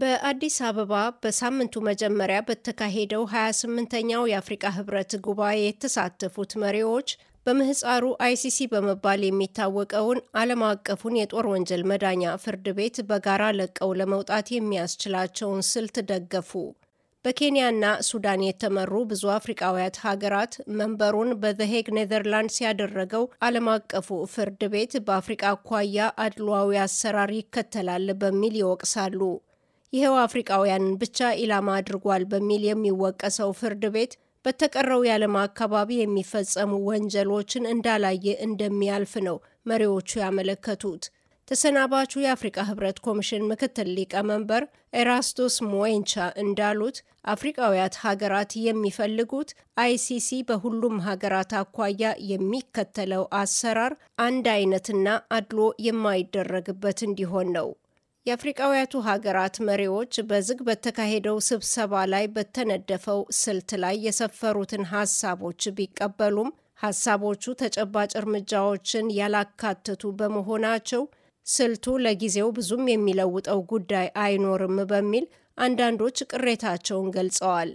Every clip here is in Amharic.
በአዲስ አበባ በሳምንቱ መጀመሪያ በተካሄደው 28ኛው የአፍሪቃ ህብረት ጉባኤ የተሳተፉት መሪዎች በምህፃሩ አይሲሲ በመባል የሚታወቀውን ዓለም አቀፉን የጦር ወንጀል መዳኛ ፍርድ ቤት በጋራ ለቀው ለመውጣት የሚያስችላቸውን ስልት ደገፉ። በኬንያና ሱዳን የተመሩ ብዙ አፍሪቃውያት ሀገራት መንበሩን በዘሄግ ኔዘርላንድስ ያደረገው ዓለም አቀፉ ፍርድ ቤት በአፍሪቃ አኳያ አድሏዊ አሰራር ይከተላል በሚል ይወቅሳሉ። ይኸው አፍሪቃውያንን ብቻ ኢላማ አድርጓል በሚል የሚወቀሰው ፍርድ ቤት በተቀረው የዓለም አካባቢ የሚፈጸሙ ወንጀሎችን እንዳላየ እንደሚያልፍ ነው መሪዎቹ ያመለከቱት። ተሰናባቹ የአፍሪቃ ህብረት ኮሚሽን ምክትል ሊቀመንበር ኤራስቶስ ሞዌንቻ እንዳሉት አፍሪቃውያት ሀገራት የሚፈልጉት አይሲሲ በሁሉም ሀገራት አኳያ የሚከተለው አሰራር አንድ አይነትና አድሎ የማይደረግበት እንዲሆን ነው። የአፍሪቃውያቱ ሀገራት መሪዎች በዝግ በተካሄደው ስብሰባ ላይ በተነደፈው ስልት ላይ የሰፈሩትን ሀሳቦች ቢቀበሉም ሀሳቦቹ ተጨባጭ እርምጃዎችን ያላካተቱ በመሆናቸው ስልቱ ለጊዜው ብዙም የሚለውጠው ጉዳይ አይኖርም በሚል አንዳንዶች ቅሬታቸውን ገልጸዋል።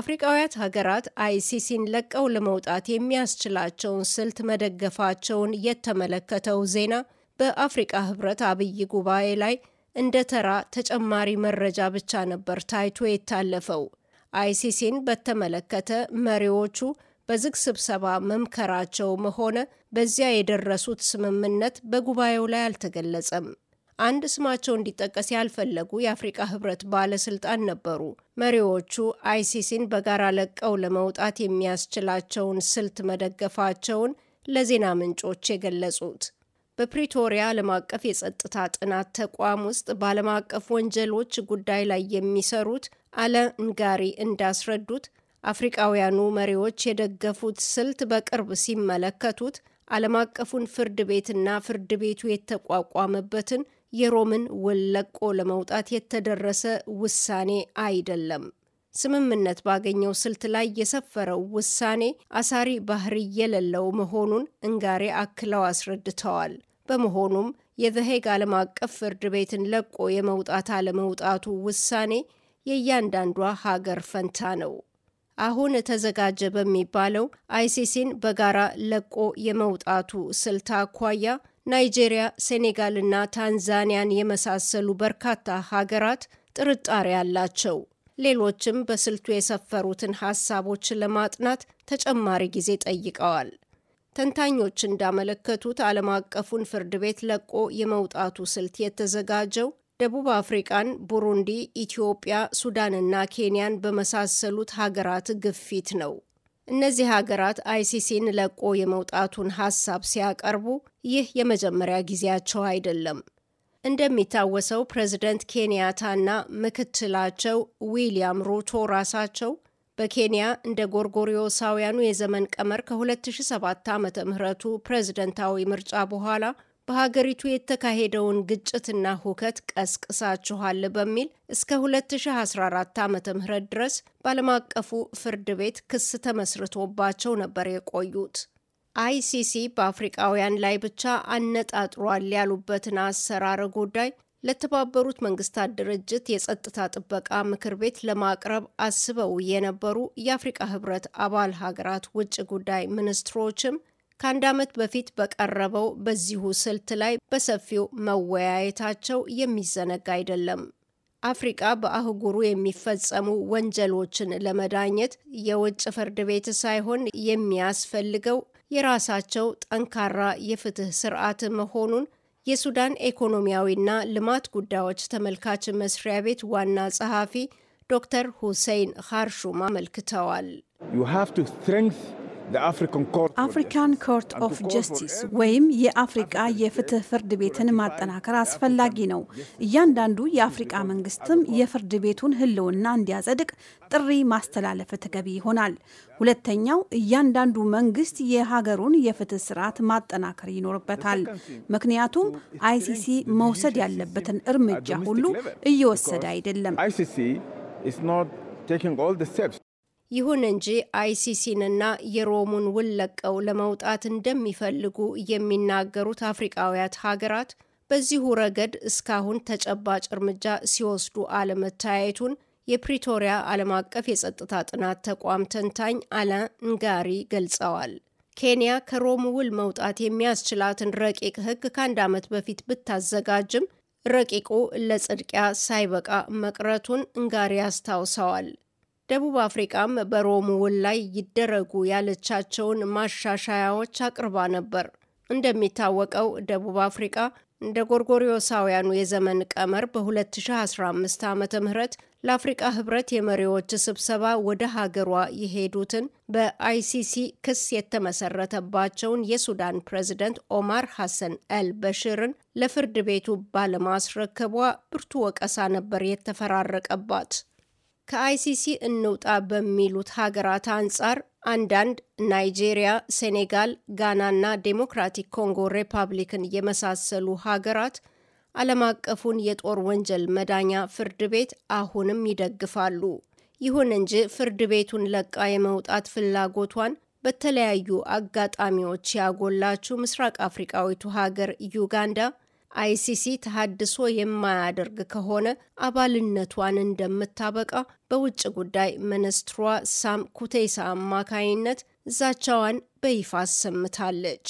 አፍሪቃውያት ሀገራት አይሲሲን ለቀው ለመውጣት የሚያስችላቸውን ስልት መደገፋቸውን የተመለከተው ዜና በአፍሪቃ ህብረት አብይ ጉባኤ ላይ እንደ ተራ ተጨማሪ መረጃ ብቻ ነበር ታይቶ የታለፈው። አይሲሲን በተመለከተ መሪዎቹ በዝግ ስብሰባ መምከራቸውም ሆነ በዚያ የደረሱት ስምምነት በጉባኤው ላይ አልተገለጸም። አንድ ስማቸው እንዲጠቀስ ያልፈለጉ የአፍሪቃ ህብረት ባለስልጣን ነበሩ መሪዎቹ አይሲሲን በጋራ ለቀው ለመውጣት የሚያስችላቸውን ስልት መደገፋቸውን ለዜና ምንጮች የገለጹት። በፕሪቶሪያ ዓለም አቀፍ የጸጥታ ጥናት ተቋም ውስጥ በዓለም አቀፍ ወንጀሎች ጉዳይ ላይ የሚሰሩት አለ ንጋሪ እንዳስረዱት አፍሪቃውያኑ መሪዎች የደገፉት ስልት በቅርብ ሲመለከቱት ዓለም አቀፉን ፍርድ ቤትና ፍርድ ቤቱ የተቋቋመበትን የሮምን ውል ለቆ ለመውጣት የተደረሰ ውሳኔ አይደለም። ስምምነት ባገኘው ስልት ላይ የሰፈረው ውሳኔ አሳሪ ባህሪ የሌለው መሆኑን እንጋሬ አክለው አስረድተዋል። በመሆኑም የዘሄግ ዓለም አቀፍ ፍርድ ቤትን ለቆ የመውጣት አለመውጣቱ ውሳኔ የእያንዳንዷ ሀገር ፈንታ ነው። አሁን ተዘጋጀ በሚባለው አይሲሲን በጋራ ለቆ የመውጣቱ ስልት አኳያ ናይጄሪያ፣ ሴኔጋልና ታንዛኒያን የመሳሰሉ በርካታ ሀገራት ጥርጣሬ አላቸው። ሌሎችም በስልቱ የሰፈሩትን ሀሳቦች ለማጥናት ተጨማሪ ጊዜ ጠይቀዋል። ተንታኞች እንዳመለከቱት ዓለም አቀፉን ፍርድ ቤት ለቆ የመውጣቱ ስልት የተዘጋጀው ደቡብ አፍሪቃን፣ ቡሩንዲ፣ ኢትዮጵያ፣ ሱዳንና ኬንያን በመሳሰሉት ሀገራት ግፊት ነው። እነዚህ ሀገራት አይሲሲን ለቆ የመውጣቱን ሀሳብ ሲያቀርቡ ይህ የመጀመሪያ ጊዜያቸው አይደለም። እንደሚታወሰው ፕሬዝደንት ኬንያታና ምክትላቸው ዊሊያም ሩቶ ራሳቸው በኬንያ እንደ ጎርጎሪዮሳውያኑ የዘመን ቀመር ከ2007 ዓ ምህረቱ ፕሬዝደንታዊ ምርጫ በኋላ በሀገሪቱ የተካሄደውን ግጭትና ሁከት ቀስቅሳችኋል በሚል እስከ 2014 ዓ ም ድረስ በዓለም አቀፉ ፍርድ ቤት ክስ ተመስርቶባቸው ነበር የቆዩት። አይሲሲ በአፍሪቃውያን ላይ ብቻ አነጣጥሯል ያሉበትን አሰራር ጉዳይ ለተባበሩት መንግስታት ድርጅት የጸጥታ ጥበቃ ምክር ቤት ለማቅረብ አስበው የነበሩ የአፍሪቃ ህብረት አባል ሀገራት ውጭ ጉዳይ ሚኒስትሮችም ከአንድ ዓመት በፊት በቀረበው በዚሁ ስልት ላይ በሰፊው መወያየታቸው የሚዘነጋ አይደለም። አፍሪቃ በአህጉሩ የሚፈጸሙ ወንጀሎችን ለመዳኘት የውጭ ፍርድ ቤት ሳይሆን የሚያስፈልገው የራሳቸው ጠንካራ የፍትህ ስርዓት መሆኑን የሱዳን ኢኮኖሚያዊና ልማት ጉዳዮች ተመልካች መስሪያ ቤት ዋና ጸሐፊ ዶክተር ሁሴይን ሃርሹም አመልክተዋል። አፍሪካን ኮርት ኦፍ ጀስቲስ ወይም የአፍሪቃ የፍትህ ፍርድ ቤትን ማጠናከር አስፈላጊ ነው። እያንዳንዱ የአፍሪቃ መንግስትም የፍርድ ቤቱን ህልውና እንዲያጸድቅ ጥሪ ማስተላለፍ ተገቢ ይሆናል። ሁለተኛው እያንዳንዱ መንግስት የሀገሩን የፍትህ ስርዓት ማጠናከር ይኖርበታል። ምክንያቱም አይሲሲ መውሰድ ያለበትን እርምጃ ሁሉ እየወሰደ አይደለም። ይሁን እንጂ አይሲሲንና የሮሙን ውል ለቀው ለመውጣት እንደሚፈልጉ የሚናገሩት አፍሪቃውያት ሀገራት በዚሁ ረገድ እስካሁን ተጨባጭ እርምጃ ሲወስዱ አለመታየቱን የፕሪቶሪያ ዓለም አቀፍ የጸጥታ ጥናት ተቋም ተንታኝ አላን ንጋሪ ገልጸዋል። ኬንያ ከሮም ውል መውጣት የሚያስችላትን ረቂቅ ሕግ ከአንድ ዓመት በፊት ብታዘጋጅም ረቂቁ ለጽድቂያ ሳይበቃ መቅረቱን እንጋሪ አስታውሰዋል። ደቡብ አፍሪቃም በሮም ውል ላይ ይደረጉ ያለቻቸውን ማሻሻያዎች አቅርባ ነበር። እንደሚታወቀው ደቡብ አፍሪቃ እንደ ጎርጎሪዮሳውያኑ የዘመን ቀመር በ2015 ዓ ም ለአፍሪቃ ህብረት የመሪዎች ስብሰባ ወደ ሀገሯ የሄዱትን በአይሲሲ ክስ የተመሰረተባቸውን የሱዳን ፕሬዝደንት ኦማር ሐሰን አል በሽርን ለፍርድ ቤቱ ባለማስረከቧ ብርቱ ወቀሳ ነበር የተፈራረቀባት። ከአይሲሲ እንውጣ በሚሉት ሀገራት አንጻር አንዳንድ ናይጄሪያ፣ ሴኔጋል፣ ጋናና ዴሞክራቲክ ኮንጎ ሪፐብሊክን የመሳሰሉ ሀገራት ዓለም አቀፉን የጦር ወንጀል መዳኛ ፍርድ ቤት አሁንም ይደግፋሉ። ይሁን እንጂ ፍርድ ቤቱን ለቃ የመውጣት ፍላጎቷን በተለያዩ አጋጣሚዎች ያጎላችው ምስራቅ አፍሪቃዊቱ ሀገር ዩጋንዳ አይሲሲ ተሃድሶ የማያደርግ ከሆነ አባልነቷን እንደምታበቃ በውጭ ጉዳይ ሚኒስትሯ ሳም ኩቴሳ አማካይነት ዛቻዋን በይፋ አሰምታለች።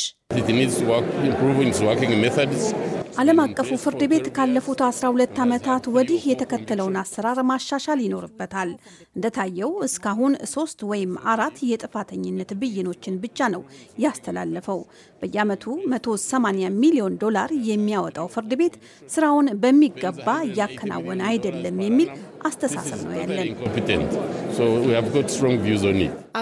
ዓለም አቀፉ ፍርድ ቤት ካለፉት 12 ዓመታት ወዲህ የተከተለውን አሰራር ማሻሻል ይኖርበታል። እንደታየው እስካሁን ሶስት ወይም አራት የጥፋተኝነት ብይኖችን ብቻ ነው ያስተላለፈው። በየዓመቱ 180 ሚሊዮን ዶላር የሚያወጣው ፍርድ ቤት ስራውን በሚገባ እያከናወነ አይደለም የሚል አስተሳሰብ ነው ያለን።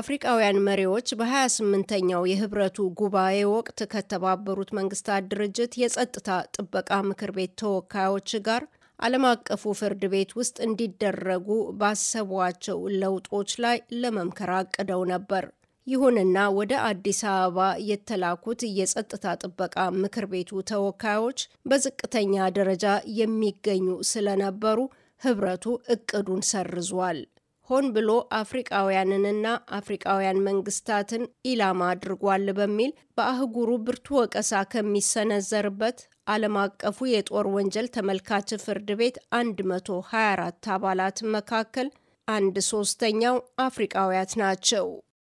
አፍሪቃውያን መሪዎች በ28ኛው የህብረቱ ጉባኤ ወቅት ከተባበሩት መንግስታት ድርጅት የጸጥታ ጥበቃ ምክር ቤት ተወካዮች ጋር ዓለም አቀፉ ፍርድ ቤት ውስጥ እንዲደረጉ ባሰቧቸው ለውጦች ላይ ለመምከር አቅደው ነበር። ይሁንና ወደ አዲስ አበባ የተላኩት የጸጥታ ጥበቃ ምክር ቤቱ ተወካዮች በዝቅተኛ ደረጃ የሚገኙ ስለነበሩ ህብረቱ እቅዱን ሰርዟል። ሆን ብሎ አፍሪቃውያንንና አፍሪቃውያን መንግስታትን ኢላማ አድርጓል በሚል በአህጉሩ ብርቱ ወቀሳ ከሚሰነዘርበት ዓለም አቀፉ የጦር ወንጀል ተመልካች ፍርድ ቤት 124 አባላት መካከል አንድ ሶስተኛው አፍሪቃውያት ናቸው።